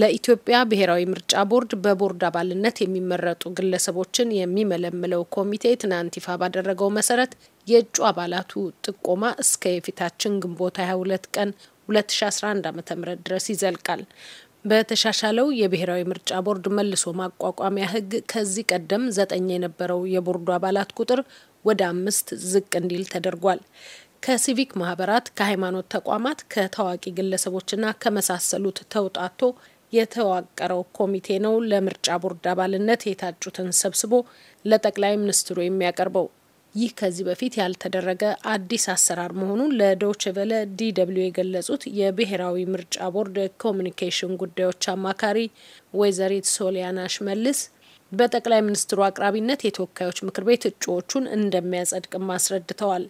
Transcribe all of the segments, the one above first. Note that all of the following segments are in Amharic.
ለኢትዮጵያ ብሔራዊ ምርጫ ቦርድ በቦርድ አባልነት የሚመረጡ ግለሰቦችን የሚመለምለው ኮሚቴ ትናንት ይፋ ባደረገው መሰረት የእጩ አባላቱ ጥቆማ እስከ የፊታችን ግንቦት 22 ቀን 2011 ዓ ም ድረስ ይዘልቃል። በተሻሻለው የብሔራዊ ምርጫ ቦርድ መልሶ ማቋቋሚያ ሕግ ከዚህ ቀደም ዘጠኝ የነበረው የቦርዱ አባላት ቁጥር ወደ አምስት ዝቅ እንዲል ተደርጓል። ከሲቪክ ማህበራት፣ ከሃይማኖት ተቋማት፣ ከታዋቂ ግለሰቦችና ከመሳሰሉት ተውጣቶ የተዋቀረው ኮሚቴ ነው ለምርጫ ቦርድ አባልነት የታጩትን ሰብስቦ ለጠቅላይ ሚኒስትሩ የሚያቀርበው። ይህ ከዚህ በፊት ያልተደረገ አዲስ አሰራር መሆኑን ለዶችቨለ ዲደብሊው የገለጹት የብሔራዊ ምርጫ ቦርድ ኮሚኒኬሽን ጉዳዮች አማካሪ ወይዘሪት ሶሊያና ሽመልስ በጠቅላይ ሚኒስትሩ አቅራቢነት የተወካዮች ምክር ቤት እጩዎቹን እንደሚያጸድቅም አስረድተዋል።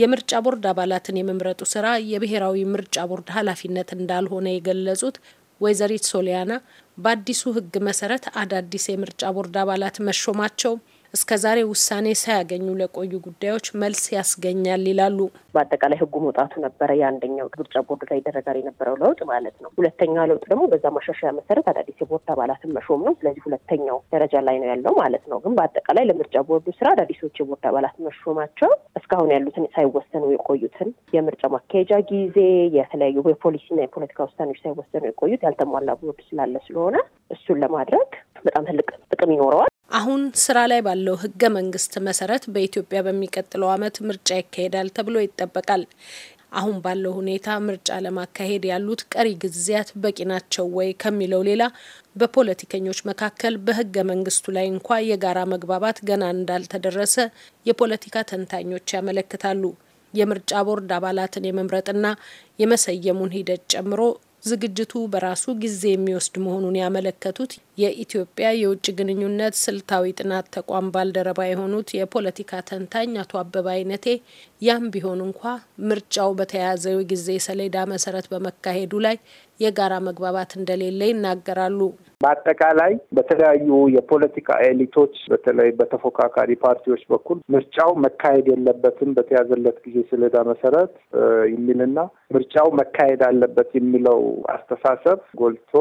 የምርጫ ቦርድ አባላትን የመምረጡ ስራ የብሔራዊ ምርጫ ቦርድ ኃላፊነት እንዳልሆነ የገለጹት ወይዘሪት ሶሊያና በአዲሱ ህግ መሰረት አዳዲስ የምርጫ ቦርድ አባላት መሾማቸው እስከዛሬ ውሳኔ ሳያገኙ ለቆዩ ጉዳዮች መልስ ያስገኛል ይላሉ። በአጠቃላይ ህጉ መውጣቱ ነበረ የአንደኛው ምርጫ ቦርድ ላይ ይደረጋል የነበረው ለውጥ ማለት ነው። ሁለተኛው ለውጥ ደግሞ በዛ ማሻሻያ መሰረት አዳዲስ የቦርድ አባላትን መሾም ነው። ስለዚህ ሁለተኛው ደረጃ ላይ ነው ያለው ማለት ነው። ግን በአጠቃላይ ለምርጫ ቦርዱ ስራ አዳዲሶች የቦርድ አባላት መሾማቸው እስካሁን ያሉትን ሳይወሰኑ የቆዩትን የምርጫ ማካሄጃ ጊዜ የተለያዩ የፖሊሲና የፖለቲካ ውሳኔዎች ሳይወሰኑ የቆዩት ያልተሟላ ቦርድ ስላለ ስለሆነ እሱን ለማድረግ በጣም ትልቅ ጥቅም ይኖረዋል። አሁን ስራ ላይ ባለው ህገ መንግስት መሰረት በኢትዮጵያ በሚቀጥለው አመት ምርጫ ይካሄዳል ተብሎ ይጠበቃል። አሁን ባለው ሁኔታ ምርጫ ለማካሄድ ያሉት ቀሪ ጊዜያት በቂ ናቸው ወይ ከሚለው ሌላ በፖለቲከኞች መካከል በህገ መንግስቱ ላይ እንኳ የጋራ መግባባት ገና እንዳልተደረሰ የፖለቲካ ተንታኞች ያመለክታሉ። የምርጫ ቦርድ አባላትን የመምረጥና የመሰየሙን ሂደት ጨምሮ ዝግጅቱ በራሱ ጊዜ የሚወስድ መሆኑን ያመለከቱት የኢትዮጵያ የውጭ ግንኙነት ስልታዊ ጥናት ተቋም ባልደረባ የሆኑት የፖለቲካ ተንታኝ አቶ አበባ አይነቴ ያም ቢሆን እንኳ ምርጫው በተያያዘው ጊዜ ሰሌዳ መሰረት በመካሄዱ ላይ የጋራ መግባባት እንደሌለ ይናገራሉ። በአጠቃላይ በተለያዩ የፖለቲካ ኤሊቶች በተለይ በተፎካካሪ ፓርቲዎች በኩል ምርጫው መካሄድ የለበትም በተያዘለት ጊዜ ሰሌዳ መሰረት የሚልና ምርጫው መካሄድ አለበት የሚለው አስተሳሰብ ጎልቶ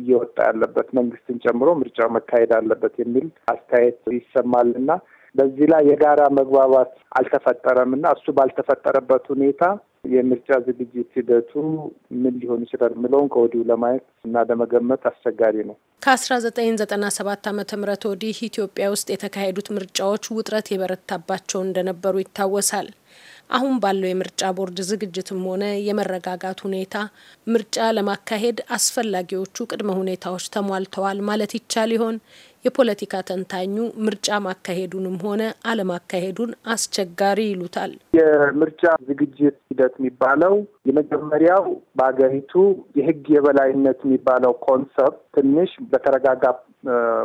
እየወጣ ያለበት መንግስት መንግስትን ጨምሮ ምርጫው መካሄድ አለበት የሚል አስተያየት ይሰማል እና በዚህ ላይ የጋራ መግባባት አልተፈጠረም እና እሱ ባልተፈጠረበት ሁኔታ የምርጫ ዝግጅት ሂደቱ ምን ሊሆን ይችላል የሚለውን ከወዲሁ ለማየት እና ለመገመት አስቸጋሪ ነው። ከአስራ ዘጠኝ ዘጠና ሰባት ወዲህ ኢትዮጵያ ውስጥ የተካሄዱት ምርጫዎች ውጥረት የበረታባቸው እንደነበሩ ይታወሳል። አሁን ባለው የምርጫ ቦርድ ዝግጅትም ሆነ የመረጋጋት ሁኔታ ምርጫ ለማካሄድ አስፈላጊዎቹ ቅድመ ሁኔታዎች ተሟልተዋል ማለት ይቻል ይሆን? የፖለቲካ ተንታኙ ምርጫ ማካሄዱንም ሆነ አለማካሄዱን አስቸጋሪ ይሉታል። የምርጫ ዝግጅት ሂደት የሚባለው የመጀመሪያው በሀገሪቱ የሕግ የበላይነት የሚባለው ኮንሰፕት ትንሽ በተረጋጋ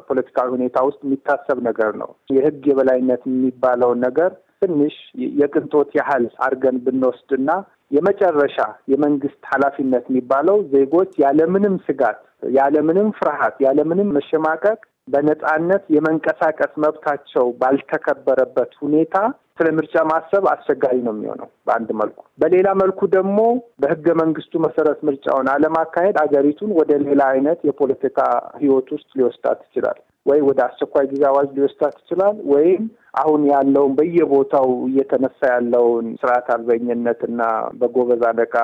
ፖለቲካዊ ሁኔታ ውስጥ የሚታሰብ ነገር ነው። የሕግ የበላይነት የሚባለውን ነገር ትንሽ የቅንጦት ያህል አድርገን ብንወስድና የመጨረሻ የመንግስት ኃላፊነት የሚባለው ዜጎች ያለምንም ስጋት፣ ያለምንም ፍርሃት፣ ያለምንም መሸማቀቅ በነጻነት የመንቀሳቀስ መብታቸው ባልተከበረበት ሁኔታ ስለ ምርጫ ማሰብ አስቸጋሪ ነው የሚሆነው በአንድ መልኩ። በሌላ መልኩ ደግሞ በህገ መንግስቱ መሰረት ምርጫውን አለማካሄድ አገሪቱን ወደ ሌላ አይነት የፖለቲካ ህይወት ውስጥ ሊወስዳት ይችላል። ወይ ወደ አስቸኳይ ጊዜ አዋጅ ሊወስዳት ይችላል ወይም አሁን ያለውን በየቦታው እየተነሳ ያለውን ስርዓት አልበኝነት እና በጎበዝ አለቃ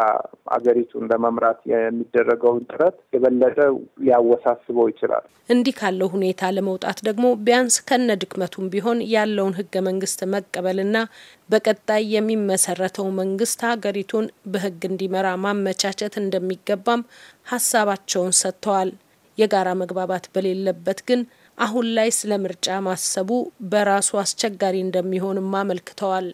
አገሪቱን ለመምራት የሚደረገውን ጥረት የበለጠ ሊያወሳስበው ይችላል። እንዲህ ካለው ሁኔታ ለመውጣት ደግሞ ቢያንስ ከነ ድክመቱም ቢሆን ያለውን ህገ መንግስት መቀበልና በቀጣይ የሚመሰረተው መንግስት ሀገሪቱን በህግ እንዲመራ ማመቻቸት እንደሚገባም ሀሳባቸውን ሰጥተዋል። የጋራ መግባባት በሌለበት ግን አሁን ላይ ስለ ምርጫ ማሰቡ በራሱ አስቸጋሪ እንደሚሆንም አመልክተዋል።